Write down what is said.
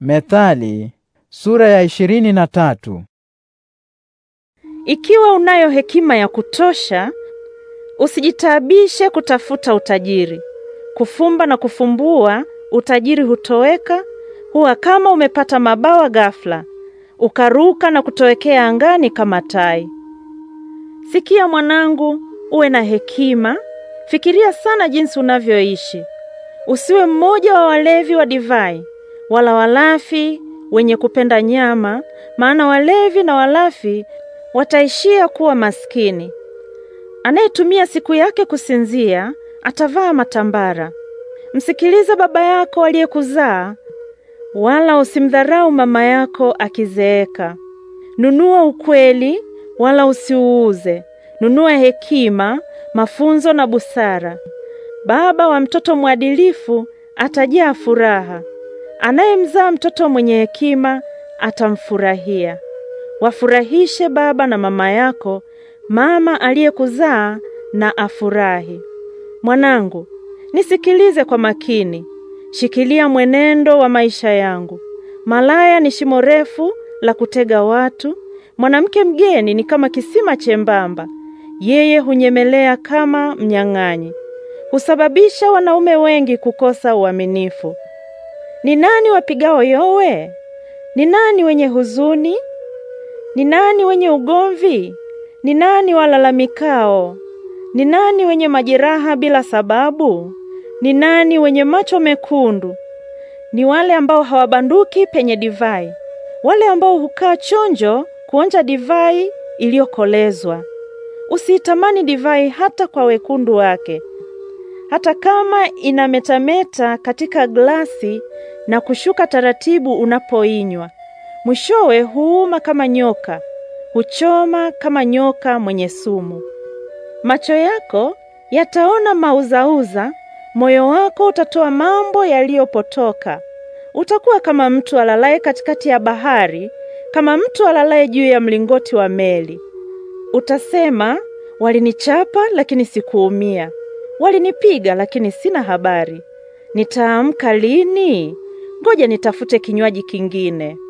Methali sura ya ishirini na tatu. Ikiwa unayo hekima ya kutosha, usijitaabishe kutafuta utajiri. Kufumba na kufumbua utajiri hutoweka, huwa kama umepata mabawa ghafla, ukaruka na kutowekea angani kama tai. Sikia mwanangu, uwe na hekima, fikiria sana jinsi unavyoishi. Usiwe mmoja wa walevi wa divai wala walafi wenye kupenda nyama, maana walevi na walafi wataishia kuwa maskini. Anayetumia siku yake kusinzia atavaa matambara. Msikilize baba yako aliyekuzaa, wala usimdharau mama yako akizeeka. Nunua ukweli, wala usiuuze. Nunua hekima, mafunzo na busara. Baba wa mtoto mwadilifu atajaa furaha. Anayemzaa mtoto mwenye hekima atamfurahia. Wafurahishe baba na mama yako, mama aliyekuzaa na afurahi. Mwanangu, nisikilize kwa makini. Shikilia mwenendo wa maisha yangu. Malaya ni shimo refu la kutega watu. Mwanamke mgeni ni kama kisima chembamba. Yeye hunyemelea kama mnyang'anyi. Husababisha wanaume wengi kukosa uaminifu. Ni nani wapigao yowe? Ni nani wenye huzuni? Ni nani wenye ugomvi? Ni nani walalamikao? Ni nani wenye majeraha bila sababu? Ni nani wenye macho mekundu? Ni wale ambao hawabanduki penye divai, wale ambao hukaa chonjo kuonja divai iliyokolezwa. Usitamani divai hata kwa wekundu wake, hata kama inametameta katika glasi na kushuka taratibu unapoinywa. Mwishowe huuma kama nyoka, huchoma kama nyoka mwenye sumu. Macho yako yataona mauzauza, moyo wako utatoa mambo yaliyopotoka. Utakuwa kama mtu alalaye katikati ya bahari, kama mtu alalaye juu ya mlingoti wa meli. Utasema, walinichapa lakini sikuumia. Walinipiga lakini sina habari. Nitaamka lini? Ngoja nitafute kinywaji kingine.